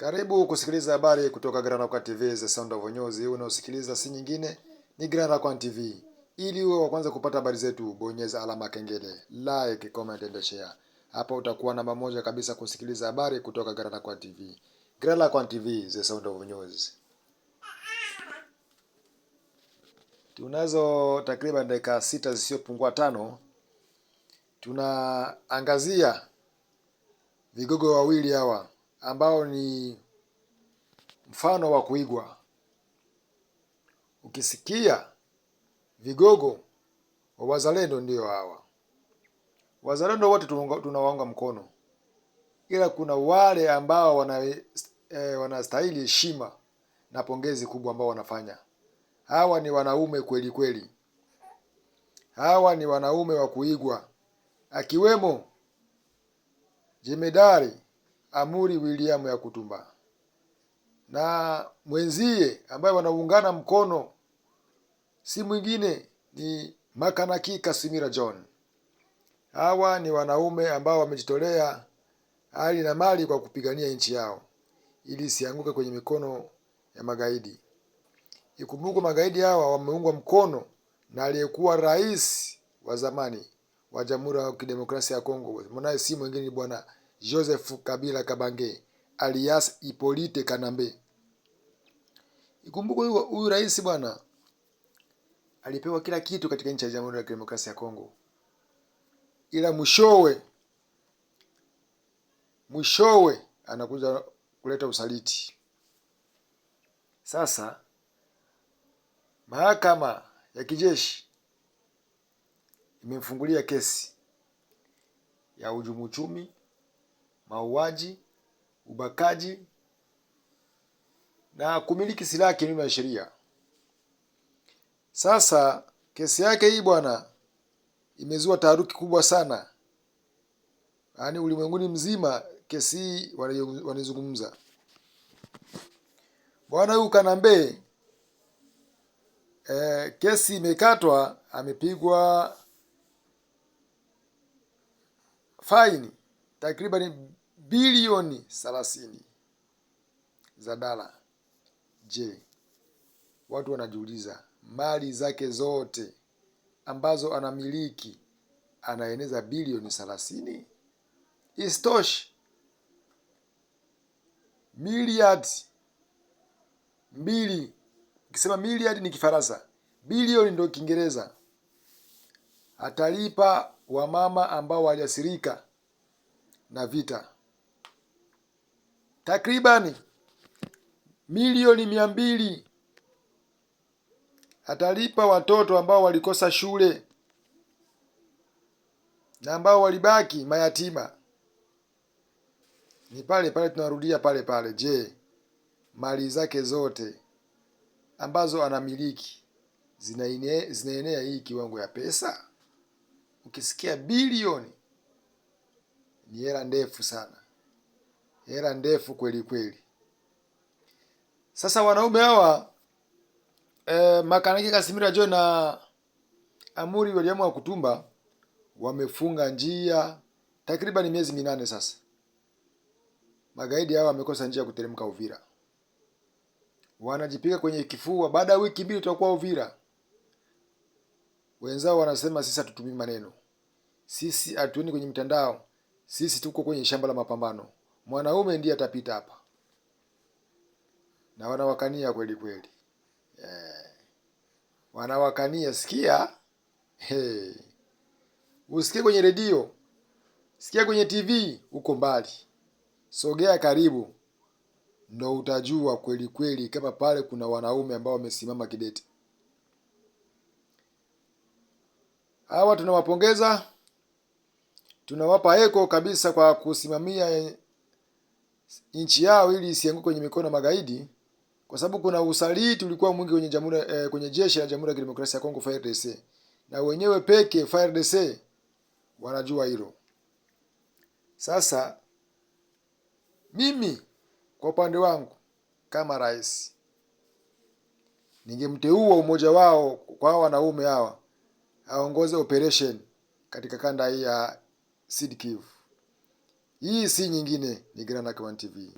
Karibu kusikiliza habari kutoka Grand TV za Sound of News. Unaosikiliza si nyingine ni Grand TV. Ili uwe wa kwanza kupata habari zetu, bonyeza alama kengele, like, comment and share. Hapa utakuwa namba moja kabisa kusikiliza habari kutoka Grand TV. Grand TV the Sound of News. Tunazo takriban dakika sita zisizopungua tano. Tunaangazia vigogo wawili hawa ambao ni mfano wa kuigwa. Ukisikia vigogo wa wazalendo, ndio hawa wazalendo wote tunawaunga mkono, ila kuna wale ambao wana, e, wanastahili heshima na pongezi kubwa ambao wanafanya. Hawa ni wanaume kweli kweli, hawa ni wanaume wa kuigwa, akiwemo jemedari Amuri William kutumba na mwenzie ambaye wanaungana mkono si mwingine ni Makanaki Kasimira John. Hawa ni wanaume ambao wamejitolea hali na mali kwa kupigania nchi yao ili isianguke kwenye mikono ya magaidi. Ikumbukwe magaidi hawa wameungwa mkono na aliyekuwa rais wa zamani wa Jamhuri ya Kidemokrasia ya Kongo, mwanaye si mwingine ni bwana Joseph Kabila Kabange alias Ipolite Kanambe. Ikumbukwe huyu rais bwana alipewa kila kitu katika nchi ya Jamhuri ya Kidemokrasia ya Kongo, ila mwishowe mwishowe anakuja kuleta usaliti. Sasa mahakama ya kijeshi imemfungulia kesi ya hujumu uchumi mauaji, ubakaji na kumiliki silaha kinyume ya sheria. Sasa kesi yake hii bwana imezua taharuki kubwa sana, yaani ulimwenguni mzima kesi hii wanaizungumza. Bwana huyu Kanambe eh, kesi imekatwa, amepigwa faini takriban bilioni 30 za dala Je, watu wanajiuliza, mali zake zote ambazo anamiliki anaeneza bilioni 30? Isitoshe, miliardi mbili, ukisema miliardi ni Kifaransa, bilioni ndio Kiingereza, atalipa wamama ambao waliathirika na vita takribani milioni mia mbili atalipa watoto ambao walikosa shule na ambao walibaki mayatima. Ni pale pale, tunarudia pale pale. Je, mali zake zote ambazo anamiliki zinaenea, zinaenea hii kiwango ya pesa? Ukisikia bilioni ni hela ndefu sana hela ndefu kweli kweli. Sasa wanaume hawa eh, Makanaki Kasimira Jo na Amuri William wa Kutumba wamefunga njia takriban miezi minane sasa. Magaidi hawa wamekosa njia ya kuteremka Uvira, wanajipiga kwenye kifua. Baada ya wiki mbili tutakuwa Uvira. Wenzao wanasema sisi hatutumii maneno, sisi hatuendi kwenye mitandao, sisi tuko kwenye shamba la mapambano mwanaume ndiye atapita hapa, na wanawakania kweli kweli, eh, Wanawakania sikia, hey. Usikie kwenye redio, sikia kwenye TV, uko mbali, sogea karibu, ndo utajua kweli kweli kama pale kuna wanaume ambao wamesimama kidete. Hawa tunawapongeza tunawapa heko kabisa kwa kusimamia nchi yao ili isianguke kwenye mikono ya magaidi, kwa sababu kuna usaliti ulikuwa mwingi kwenye jamhuri e, kwenye jeshi la Jamhuri ya Kidemokrasia ya Kongo FARDC, na wenyewe peke FARDC wanajua hilo. Sasa mimi kwa upande wangu kama rais ningemteua umoja wao kwa hao wanaume hawa aongoze operation katika kanda hii ya Sud Kivu. Hii si nyingine, ni Grand Acaman TV.